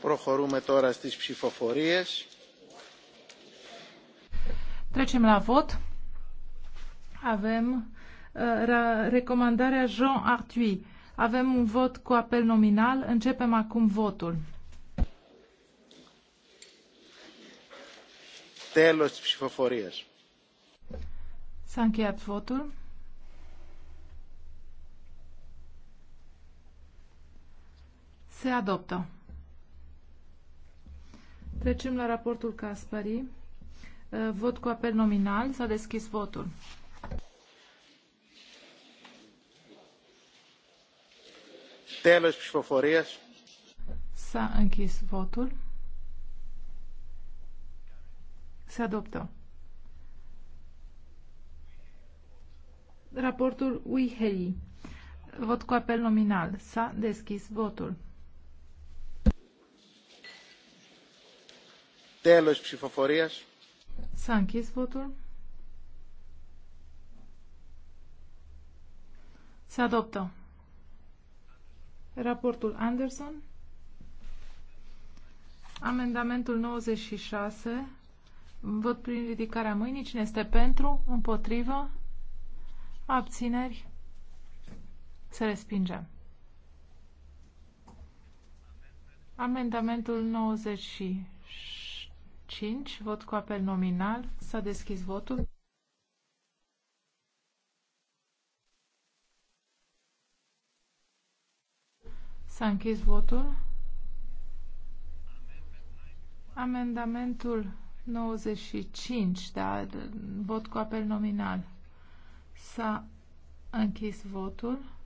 Προχωρούμε τώρα στις ψηφοφορίες. Trecem la vot. Avem uh, recomandarea Jean Arthuis. Avem un vot cu apel nominal. Începem acum votul. Τέλος της ψηφοφορίας. S-a încheiat votul. Se adoptă. Trecem la raportul Caspari. Uh, vot cu apel nominal. S-a deschis votul. Τέλος ψηφοφορίας. S-a închis votul. Se adoptă. Raportul Uihei. Vot cu apel nominal. S-a deschis votul. Τέλος ψηφοφορίας. S-a închis votul. Se adoptă. Raportul Anderson. Amendamentul 96. Vot prin ridicarea mâinii. Cine este pentru? Împotrivă? Abțineri? Se respinge. Amendamentul 97. 5, vot cu apel nominal. S-a deschis votul. S-a închis votul. Amendamentul 95, da, vot cu apel nominal. S-a închis votul.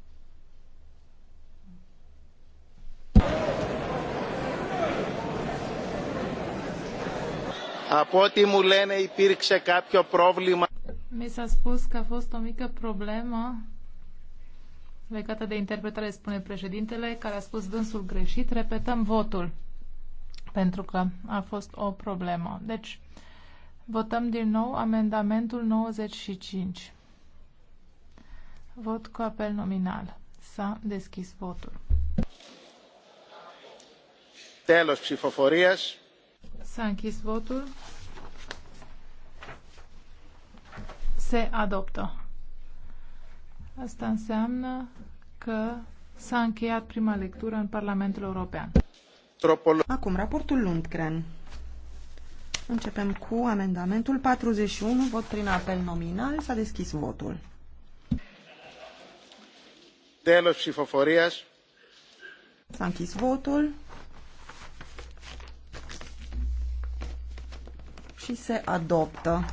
Από ό,τι μου λένε υπήρξε κάποιο πρόβλημα. Mi s-a spus că a fost o mică problemă legată de interpretare, spune președintele, care a spus dânsul greșit. Repetăm votul, pentru că a fost o problemă. Deci, votăm din nou amendamentul 95. Vot cu apel nominal. S-a deschis votul. Telos ψηφοφορίας. S-a închis votul. Se adoptă. Asta înseamnă că s-a încheiat prima lectură în Parlamentul European. Acum, raportul Lundgren. Începem cu amendamentul 41, vot prin apel nominal. S-a deschis votul. Telos ψηφοφορίας. S-a închis votul. și se adoptă.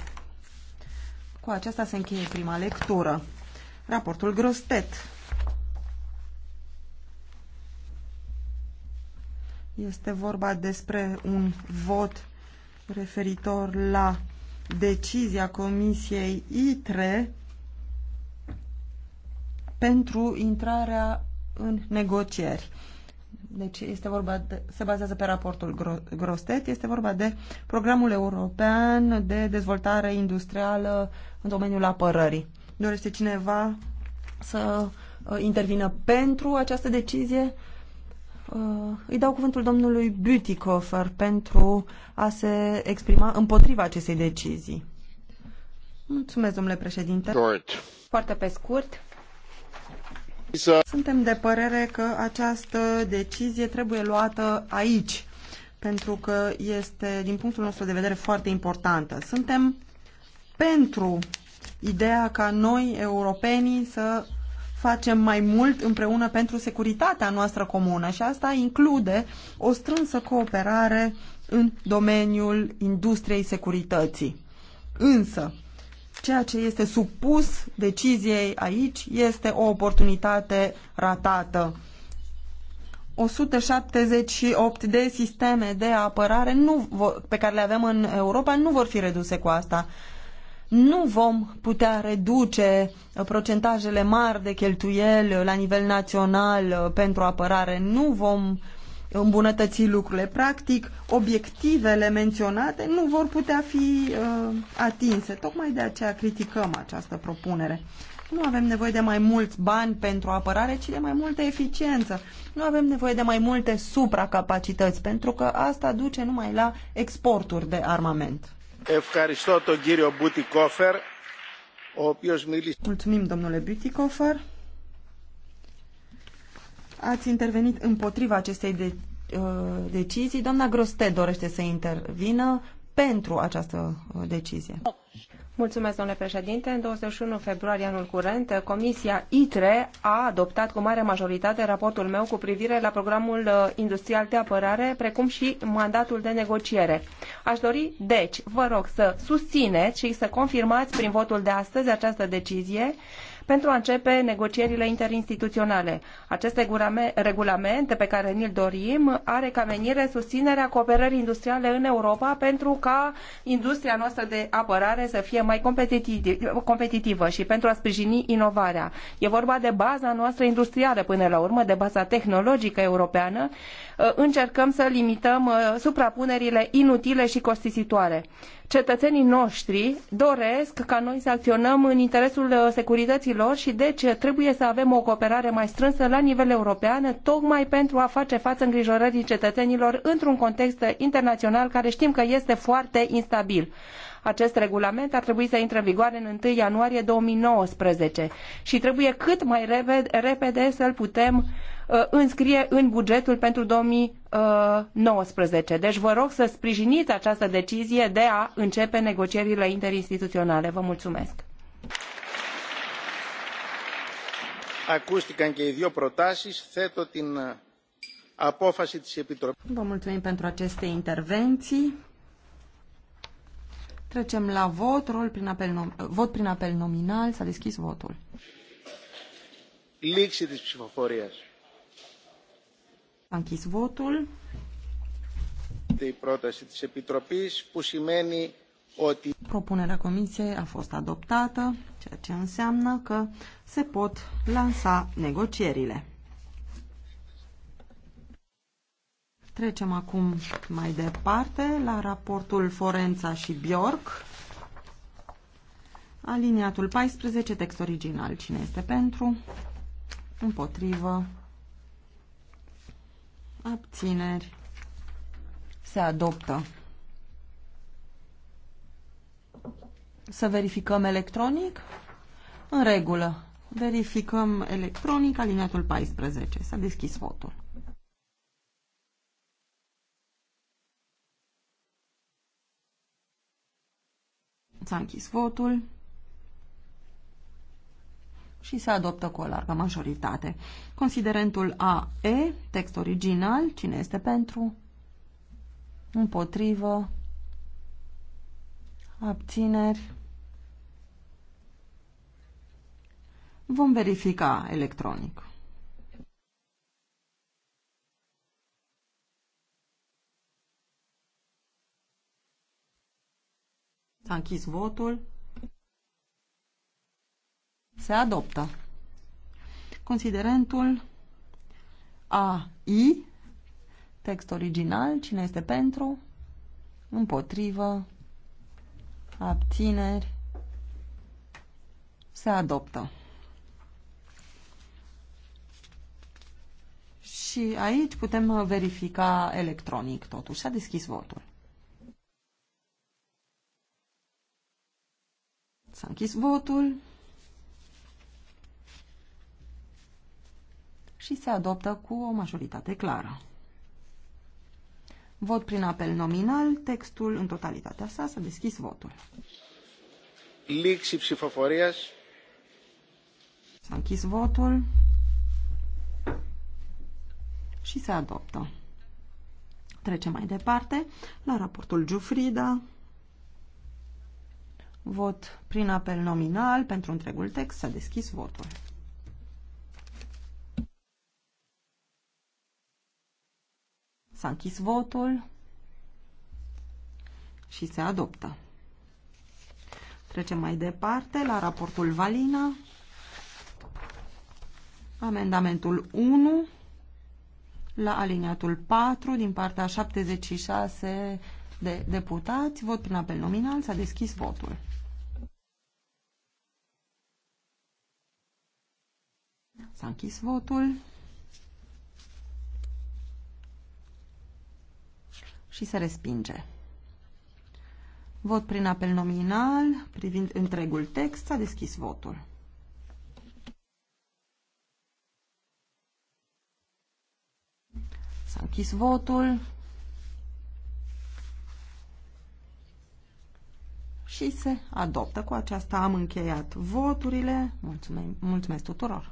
Cu aceasta se încheie prima lectură. Raportul Grostet. Este vorba despre un vot referitor la decizia Comisiei ITRE pentru intrarea în negocieri deci este vorba de, se bazează pe raportul Grostet, este vorba de programul european de dezvoltare industrială în domeniul apărării. Dorește cineva să uh, intervină pentru această decizie? Uh, îi dau cuvântul domnului Butikofer pentru a se exprima împotriva acestei decizii. Mulțumesc, domnule președinte. Short. Foarte pe scurt suntem de părere că această decizie trebuie luată aici, pentru că este, din punctul nostru de vedere, foarte importantă. Suntem pentru ideea ca noi, europenii, să facem mai mult împreună pentru securitatea noastră comună și asta include o strânsă cooperare în domeniul industriei securității. Însă, ceea ce este supus deciziei aici este o oportunitate ratată. 178 de sisteme de apărare nu pe care le avem în Europa nu vor fi reduse cu asta. Nu vom putea reduce procentajele mari de cheltuieli la nivel național pentru apărare. Nu vom uh, îmbunătăți lucrurile. Practic, obiectivele menționate nu vor putea fi uh, atinse. Tocmai de aceea criticăm această propunere. Nu avem nevoie de mai mulți bani pentru apărare, ci de mai multă eficiență. Nu avem nevoie de mai multe supracapacități, pentru că asta duce numai la exporturi de armament. Mulțumim, domnule Butikofer ați intervenit împotriva acestei de, uh, decizii. Doamna Groste dorește să intervină pentru această uh, decizie. Mulțumesc, domnule președinte. În 21 februarie anul curent, Comisia ITRE a adoptat cu mare majoritate raportul meu cu privire la programul uh, industrial de apărare, precum și mandatul de negociere. Aș dori, deci, vă rog să susțineți și să confirmați prin votul de astăzi această decizie pentru a începe negocierile interinstituționale. Acest regulament pe care ni-l dorim are ca menire susținerea cooperării industriale în Europa pentru ca industria noastră de apărare să fie mai competitivă și pentru a sprijini inovarea. E vorba de baza noastră industrială până la urmă, de baza tehnologică europeană, Uh, încercăm să limităm uh, suprapunerile inutile și costisitoare. Cetățenii noștri doresc ca noi să acționăm în interesul uh, securității lor și deci trebuie să avem o cooperare mai strânsă la nivel european, tocmai pentru a face față îngrijorării cetățenilor într-un context internațional care știm că este foarte instabil. Acest regulament ar trebui să intre în vigoare în 1 ianuarie 2019 și trebuie cât mai repede, să-l putem uh, Uh, înscrie în bugetul pentru 2019. Uh, deci vă rog să sprijiniți această decizie de a începe negocierile interinstituționale. Vă mulțumesc. Ακούστηκαν και οι δύο Θέτω την απόφαση της Επιτροπής. Vă mulțumim pentru aceste intervenții. Trecem la vot, rol prin apel uh, vot prin apel nominal. S-a deschis votul. Λήξη της ψηφοφορίας închis votul. Propunerea comisiei a fost adoptată, ceea ce înseamnă că se pot lansa negocierile. Trecem acum mai departe la raportul Forența și Bjork. Aliniatul 14, text original. Cine este pentru? Împotrivă abțineri, se adoptă. Să verificăm electronic? În regulă. Verificăm electronic alineatul 14. S-a deschis votul. S-a închis votul și se adoptă cu o largă majoritate. Considerentul AE, text original, cine este pentru? Împotrivă? Abțineri? Vom verifica electronic. S-a închis votul se adoptă. Considerentul AI, text original, cine este pentru, împotrivă, abțineri, se adoptă. Și aici putem verifica electronic totuși. S-a deschis votul. S-a închis votul. și se adoptă cu o majoritate clară. Vot prin apel nominal, textul în totalitatea sa, s-a deschis votul. Λήξη ψηφοφορίας. S-a închis votul și se adoptă. Trecem mai departe la raportul Giufrida. Vot prin apel nominal pentru întregul text. S-a deschis votul. S-a închis votul și se adoptă. Trecem mai departe la raportul Valina. Amendamentul 1 la aliniatul 4 din partea 76 de deputați. Vot prin apel nominal. S-a deschis votul. S-a închis votul și se respinge. Vot prin apel nominal, privind întregul text, s-a deschis votul. S-a închis votul și se adoptă. Cu aceasta am încheiat voturile. Mulțumesc, mulțumesc tuturor!